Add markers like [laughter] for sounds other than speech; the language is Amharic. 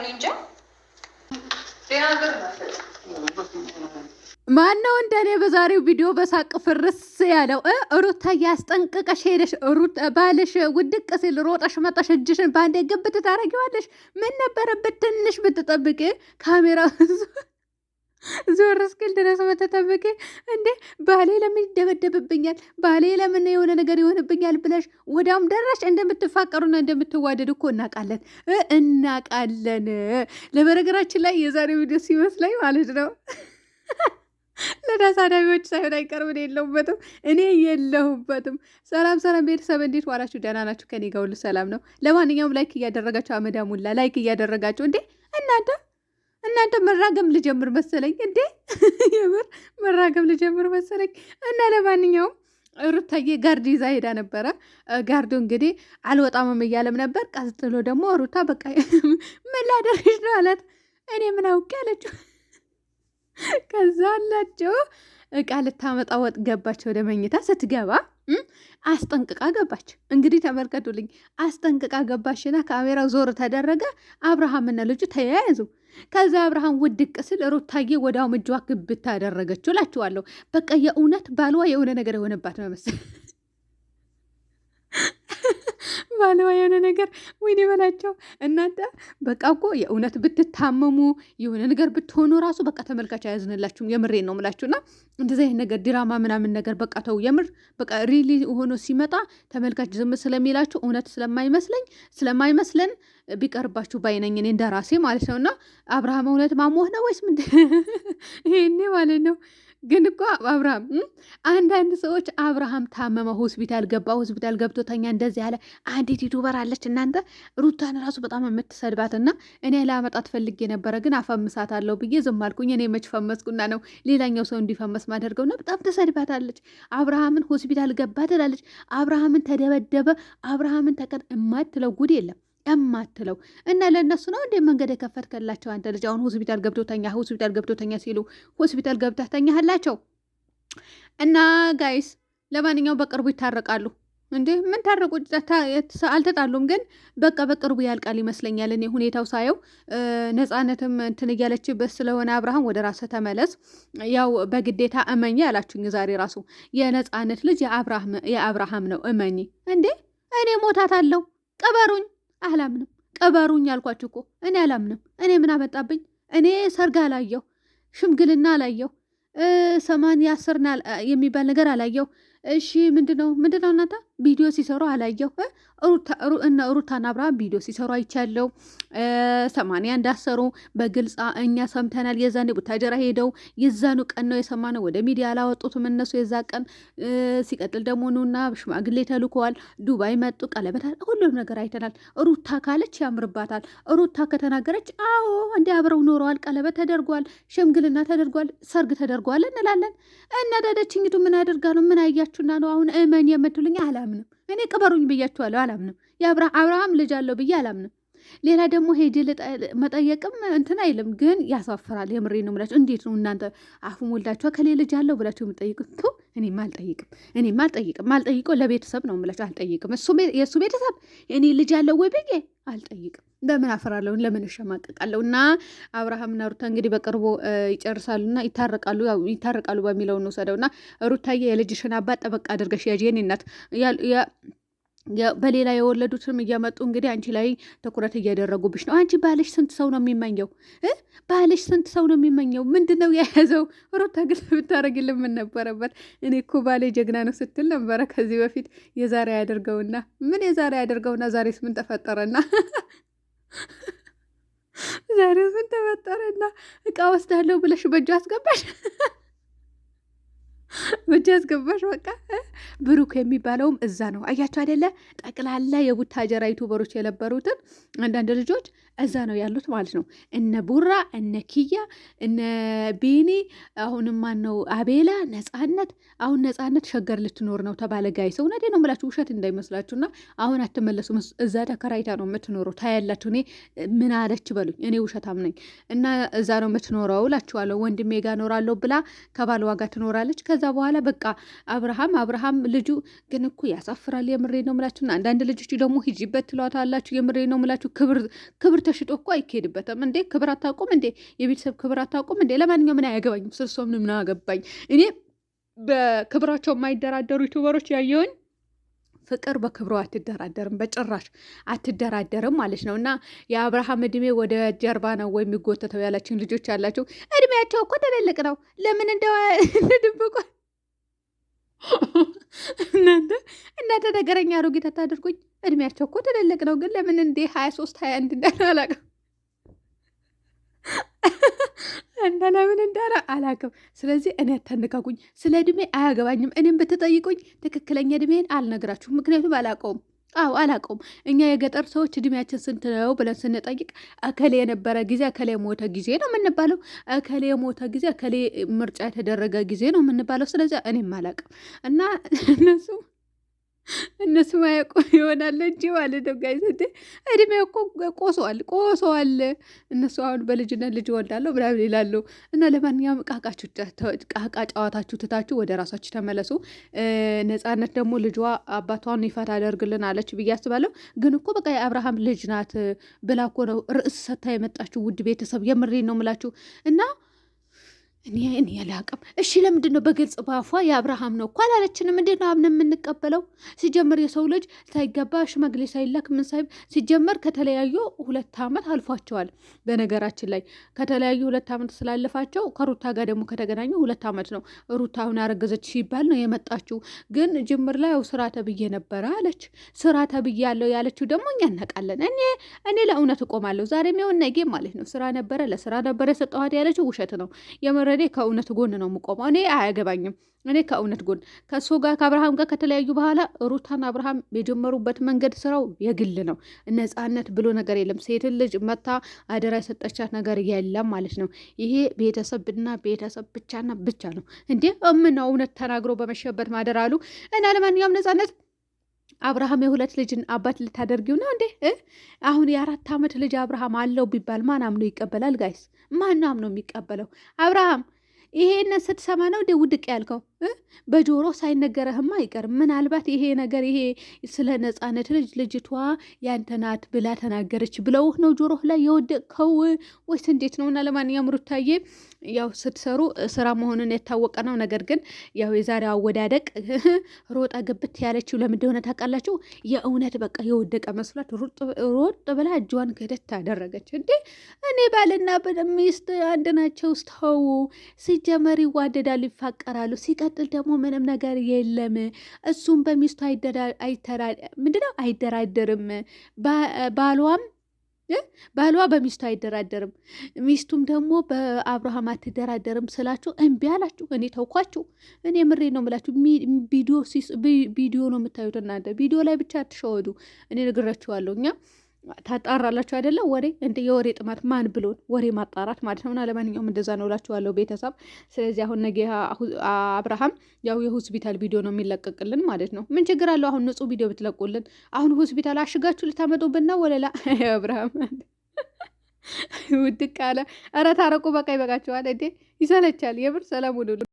አውቃለሁ እንጃ። ማነው እንደኔ በዛሬው ቪዲዮ በሳቅ ፍርስ ያለው? ሩታ ያስጠንቅቀሽ ሄደሽ ባልሽ ውድቅ ሲል ሮጠሽ መጣሽ እጅሽን በአንዴ ግብት ታደርጊዋለሽ። ምን ነበረበት ትንሽ ብትጠብቂ ካሜራ ዞር እስክል ድረስ በተጠበቀ እንዴ ባሌ ለምን ይደበደብብኛል፣ ባሌ ለምን የሆነ ነገር ይሆንብኛል ብለሽ ወዲያውም ደረሽ። እንደምትፋቀሩና እንደምትዋደዱ እኮ እናቃለን እናቃለን። ለበነገራችን ላይ የዛሬ ቪዲዮ ሲመስለኝ ማለት ነው ለተሳዳቢዎች ሳይሆን አይቀርም። እኔ የለሁበትም እኔ የለሁበትም። ሰላም ሰላም ቤተሰብ እንዴት ዋላችሁ? ደህና ናችሁ? ከኔ ጋር ሁሉ ሰላም ነው። ለማንኛውም ላይክ እያደረጋችሁ አመዳሙላ ላይክ እያደረጋችሁ እንዴ እናንተ እናንተ መራገም ልጀምር መሰለኝ እንዴ! [laughs] የምር መራገም ልጀምር መሰለኝ። እና ለማንኛውም ሩታዬ ጋርድ ይዛ ሄዳ ነበረ። ጋርዶ እንግዲህ አልወጣምም እያለም ነበር። ቀጥሎ ደግሞ ሩታ በቃ [laughs] ምን ላደርግሽ ነው አላት። እኔ ምን አውቄ አለችው። [laughs] ከዛ አላቸው እቃ ልታመጣ ወጥ ገባቸው ወደ መኝታ ስትገባ አስጠንቅቃ ገባች። እንግዲህ ተመልከቱልኝ፣ አስጠንቅቃ ገባችና ካሜራው ዞር ተደረገ። አብርሃምና ልጁ ተያያዙ። ከዛ አብርሃም ውድቅ ስል ሩታዬ ወዳው ምጇ ግብት ታደረገችው ላችኋለሁ በቃ የእውነት ባልዋ የሆነ ነገር የሆነባት ነው መሰለኝ ባለዋ የሆነ ነገር ወይኔ በላቸው እናንተ። በቃ እኮ የእውነት ብትታመሙ የሆነ ነገር ብትሆኑ ራሱ በቃ ተመልካች አያዝንላችሁም። የምሬን ነው የምላችሁና እንደዚህ አይነት ነገር ድራማ ምናምን ነገር በቃ ተው። የምር በቃ ሪሊ ሆኖ ሲመጣ ተመልካች ዝም ስለሚላችሁ እውነት ስለማይመስለኝ ስለማይመስለን ቢቀርባችሁ ባይነኝ እኔ እንደራሴ ማለት ነው። ነውና አብርሃም እውነት ማሞህ ነው ወይስ ምንድን [laughs] ይሄኔ ማለት ነው ግን እኮ አብርሃም አንዳንድ ሰዎች አብርሃም ታመመ፣ ሆስፒታል ገባ፣ ሆስፒታል ገብቶተኛ እንደዚህ ያለ አንዲት ዩቱበር አለች። እናንተ ሩታን ራሱ በጣም የምትሰድባት የምትሰድባትና እኔ ላመጣት ፈልጌ ነበረ፣ ግን አፈምሳት አለው ብዬ ዝም አልኩኝ። እኔ መች ፈመስኩና ነው ሌላኛው ሰው እንዲፈመስ ማደርገው? ማደርገውና፣ በጣም ተሰድባታለች። አብርሃምን ሆስፒታል ገባ ትላለች፣ አብርሃምን ተደበደበ፣ አብርሃምን ተቀን የማትለው ጉድ የለም። የማትለው እና ለእነሱ ነው እንደ መንገድ የከፈትከላቸው አንተ ልጅ። አሁን ሆስፒታል ገብቶተኛ ሆስፒታል ገብቶተኛ ሲሉ ሆስፒታል ገብተህ ተኛህላቸው። እና ጋይስ ለማንኛውም በቅርቡ ይታረቃሉ። እንዴ ምን ታረቁ? አልተጣሉም፣ ግን በቃ በቅርቡ ያልቃል ይመስለኛል። እኔ ሁኔታው ሳየው ነፃነትም እንትን እያለችበት ስለሆነ አብርሃም ወደ ራስህ ተመለስ። ያው በግዴታ እመኝ ያላችሁኝ ዛሬ ራሱ የነፃነት ልጅ የአብርሃም ነው። እመኝ እንዴ እኔ ሞታት አለው ቅበሩኝ አላምንም። ቅበሩኝ አልኳችሁ እኮ እኔ አላምንም። እኔ ምን አመጣብኝ? እኔ ሰርግ አላየሁ፣ ሽምግልና አላየሁ፣ ሰማንያ አስር የሚባል ነገር አላየሁ። እሺ ምንድነው? ምንድነው እናንተ ቪዲዮ ሲሰሩ አላየሁ። እነ ሩታና አብርሃም ቪዲዮ ሲሰሩ አይቻለው። ሰማንያ እንዳሰሩ በግልጽ እኛ ሰምተናል። የዛን ቡታጀራ ሄደው የዛኑ ቀን ነው የሰማነው። ወደ ሚዲያ አላወጡትም እነሱ የዛ ቀን። ሲቀጥል ደግሞ ኑና ሽማግሌ ተልኮዋል። ዱባይ መጡ፣ ቀለበታል፣ ሁሉም ነገር አይተናል። ሩታ ካለች ያምርባታል። ሩታ ከተናገረች አዎ እንዲ አብረው ኖረዋል። ቀለበት ተደርጓል፣ ሽምግልና ተደርጓል፣ ሰርግ ተደርጓል እንላለን። እና ዳዳችኝቱ ምን ያደርጋሉ? ምን አያችሁና ነው አሁን እመን የምትሉኝ? አላ አላምንም። እኔ ቅበሩኝ ብያችኋለሁ፣ አላምንም። የአብርሃም ልጅ አለው ብዬ አላምንም። ሌላ ደግሞ ሄጄ መጠየቅም እንትን አይልም፣ ግን ያሳፍራል። የምሬ ነው የምላችሁ። እንዴት ነው እናንተ አፉ ወልዳችኋ ከሌ ልጅ አለው ብላችሁ የምጠይቁት? እኔም እኔማ አልጠይቅም፣ እኔማ አልጠይቅም። አልጠይቀው ለቤተሰብ ነው የምላችሁ፣ አልጠይቅም። የእሱ ቤተሰብ እኔ ልጅ አለው ወይ ብዬ አልጠይቅም። ለምን አፈራለሁ? ለምን እሸማቀቃለሁ? እና አብርሃምና ሩታ እንግዲህ በቅርቡ ይጨርሳሉና ይታረቃሉ። ይታረቃሉ በሚለው እንውሰደውና ሩታዬ የልጅሽን አባት ጠበቅ አድርገሽ ያጅ የኔ እናት በሌላ የወለዱትም እየመጡ እንግዲህ አንቺ ላይ ትኩረት እያደረጉብሽ ነው። አንቺ ባልሽ ስንት ሰው ነው የሚመኘው? ባልሽ ስንት ሰው ነው የሚመኘው? ምንድን ነው የያዘው? ሮታ ግን ብታደርግልን ምን ነበረበት? እኔ እኮ ባሌ ጀግና ነው ስትል ነበረ ከዚህ በፊት። የዛሬ ያደርገውና ምን የዛሬ ያደርገውና ዛሬስ ምን ተፈጠረና [laughs] ዛሬስ ምን ተፈጠረና እቃ ወስዳለሁ ብለሽ በእጁ አስገባሽ። [laughs] ብቻ አስገባሽ። በቃ ብሩክ የሚባለውም እዛ ነው። አያቸው አይደለ? ጠቅላላ የቡታጀራ ዩቱበሮች የነበሩትን አንዳንድ ልጆች እዛ ነው ያሉት ማለት ነው። እነ ቡራ፣ እነ ኪያ፣ እነ ቤኒ አሁንም ማን ነው አቤላ፣ ነጻነት። አሁን ነጻነት ሸገር ልትኖር ነው ተባለ። ሰው ነዴ ነው የምላችሁ ውሸት እንዳይመስላችሁና አሁን አትመለሱ። እዛ ተከራይታ ነው የምትኖረው። ታያላችሁ። እኔ ምን አለች በሉኝ። እኔ ውሸታም ነኝ እና እዛ ነው የምትኖረው እላችኋለሁ። ወንድሜ ጋ እኖራለሁ ብላ ከባል ዋጋ ትኖራለች። ከዛ በኋላ በቃ አብርሃም አብርሃም ልጁ ግን እኮ ያሳፍራል። የምሬ ነው የምላችሁና አንዳንድ ልጆች ደግሞ ሂጂበት ትሏታላችሁ። የምሬ ነው የምላችሁ ክብር ተሽጦ እኮ አይካሄድበትም እንዴ! ክብር አታውቁም እንዴ? የቤተሰብ ክብር አታውቁም እንዴ? ለማንኛውም ምን አያገባኝ፣ ስርሶ ምንም ምን አገባኝ። እኔ በክብራቸው የማይደራደሩ ዩቱበሮች ያየውን ፍቅር በክብሮ አትደራደርም፣ በጭራሽ አትደራደርም ማለት ነው። እና የአብርሃም እድሜ ወደ ጀርባ ነው ወይ የሚጎተተው ያላችን ልጆች ያላቸው እድሜያቸው እኮ ትልልቅ ነው። ለምን እንደ እንደድብቋል [laughs] እናንተ እናንተ ነገረኛ አሮጊት አታድርጉኝ። እድሜያቸው እኮ ትልልቅ ነው፣ ግን ለምን እንዴ ሀያ ሶስት ሀያ አንድ እንዳለ አላውቅም እንደ ለምን እንዳለ አላውቅም። ስለዚህ እኔ አታነካኩኝ፣ ስለ እድሜ አያገባኝም። እኔም ብትጠይቁኝ ትክክለኛ እድሜን አልነግራችሁም፣ ምክንያቱም አላውቀውም። አዎ አላውቀውም። እኛ የገጠር ሰዎች እድሜያችን ስንት ነው ብለን ስንጠይቅ እከሌ የነበረ ጊዜ እከሌ ሞተ ጊዜ ነው የምንባለው። እከሌ የሞተ ጊዜ እከሌ ምርጫ የተደረገ ጊዜ ነው የምንባለው። ስለዚህ እኔም አላውቅም እና እነሱ እነሱ ማያውቁ [laughs] ይሆናል እንጂ ማለት ነው። ጋይ እድሜ እኮ ቆሰዋል ቆሰዋል። እነሱ አሁን በልጅነት ልጅ ወልዳለሁ ምናምን ይላሉ። እና ለማንኛውም ቃቃ ጨዋታችሁ ትታችሁ ወደ ራሳችሁ ተመለሱ። ነጻነት ደግሞ ልጇ አባቷን ይፋት አደርግልን አለች ብዬ አስባለሁ። ግን እኮ በቃ የአብርሃም ልጅ ናት ብላ እኮ ነው ርዕስ ሰታ የመጣችሁ ውድ ቤተሰብ፣ የምሬን ነው ምላችሁ እና እኔ እኔ አላቅም። እሺ ለምንድን ነው በግልጽ ባፏ የአብርሃም ነው እኮ አላለችንም? እንዴት ነው አምነን የምንቀበለው? ሲጀምር የሰው ልጅ ሳይገባ ሽማግሌ ሳይላክ ምን ሳይ ሲጀመር ከተለያዩ ሁለት ዓመት አልፏቸዋል። በነገራችን ላይ ከተለያዩ ሁለት ዓመት ስላለፋቸው ከሩታ ጋር ደግሞ ከተገናኙ ሁለት ዓመት ነው። ሩታ አሁን አረገዘች ሲባል ነው የመጣችው። ግን ጅምር ላይ ያው ስራ ተብዬ ነበረ አለች። ስራ ተብዬ ያለው ያለችው ደግሞ እኛ እናውቃለን። እኔ እኔ ለእውነት እቆማለሁ። ዛሬም የሆን ነጌ ማለት ነው ስራ ነበረ ለስራ ነበረ የሰጠኋት ያለችው ውሸት ነው የመረ እኔ ከእውነት ጎን ነው የምቆመው። እኔ አያገባኝም። እኔ ከእውነት ጎን ከእሱ ጋር ከአብርሃም ጋር ከተለያዩ በኋላ ሩታና አብርሃም የጀመሩበት መንገድ ስራው የግል ነው። ነፃነት ብሎ ነገር የለም። ሴትን ልጅ መታ አደራ የሰጠቻት ነገር የለም ማለት ነው። ይሄ ቤተሰብና ቤተሰብ ብቻና ብቻ ነው እንዴ እምነው እውነት ተናግሮ በመሸበት ማደር አሉ እና ለማንኛውም ነፃነት አብርሃም የሁለት ልጅን አባት ልታደርጊው ነው እንዴ? አሁን የአራት ዓመት ልጅ አብርሃም አለው ቢባል ማን አምኖ ይቀበላል? ጋይስ ማን አምኖ የሚቀበለው አብርሃም ይሄንን ስትሰማ ነው እንደ ውድቅ ያልከው? በጆሮ ሳይነገረህም አይቀርም። ምናልባት ይሄ ነገር ይሄ ስለ ነፃነት ልጅ ልጅቷ ያንተናት ብላ ተናገረች ብለውህ ነው ጆሮህ ላይ የወደቅከው ወይስ እንዴት ነው? እና ለማንኛውም ሩታዬ ያው ስትሰሩ ስራ መሆኑን የታወቀ ነው። ነገር ግን ያው የዛሬ አወዳደቅ [laughs] ሮጣ ግብት ያለችው ለምን እንደሆነ ታውቃላችሁ? የእውነት በቃ የወደቀ መስሏት ሮጥ ብላ እጇን ገደት ታደረገች። እንዴ እኔ ባልና ሚስት አንድ ናቸው ስተው ሲጀመር ይዋደዳሉ፣ ይፋቀራሉ። ሲቀጥል ደግሞ ምንም ነገር የለም። እሱም በሚስቱ ምንድነው አይደራደርም። ባሏም ባሏ በሚስቱ አይደራደርም፣ ሚስቱም ደግሞ በአብርሃም አትደራደርም ስላችሁ እምቢ አላችሁ። እኔ ተውኳችሁ። እኔ ምሬ ነው የምላችሁ። ቪዲዮ ነው የምታዩት እናንተ። ቪዲዮ ላይ ብቻ አትሸወዱ። እኔ ነግራችኋለሁ እኛ ታጣራላችሁ አይደለ? ወሬ እንደ የወሬ ጥማት ማን ብሎን ወሬ ማጣራት ማለት ነው። እና ለማንኛውም እንደዛ ነው እላችኋለሁ ቤተሰብ። ስለዚህ አሁን ነገ አብርሃም ያው የሆስፒታል ቪዲዮ ነው የሚለቀቅልን ማለት ነው። ምን ችግር አለው? አሁን ንጹህ ቪዲዮ ብትለቁልን። አሁን ሆስፒታል አሽጋችሁ ልታመጡብን ነው ወለላ [laughs] አብርሃም ውድቅ አለ። ኧረ ታረቁ፣ በቃ ይበቃችኋል እንዴ! ይሰለቻል የምር። ሰላም